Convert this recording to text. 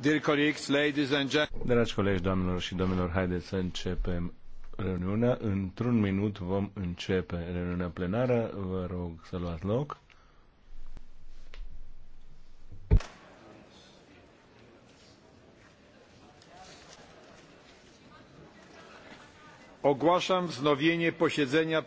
Dragi colegi, doamnelor și domnilor, haideți să începem reuniunea. Într-un minut vom începe reuniunea plenară. Vă rog să luați loc. Ogłaszam wznowienie posiedzenia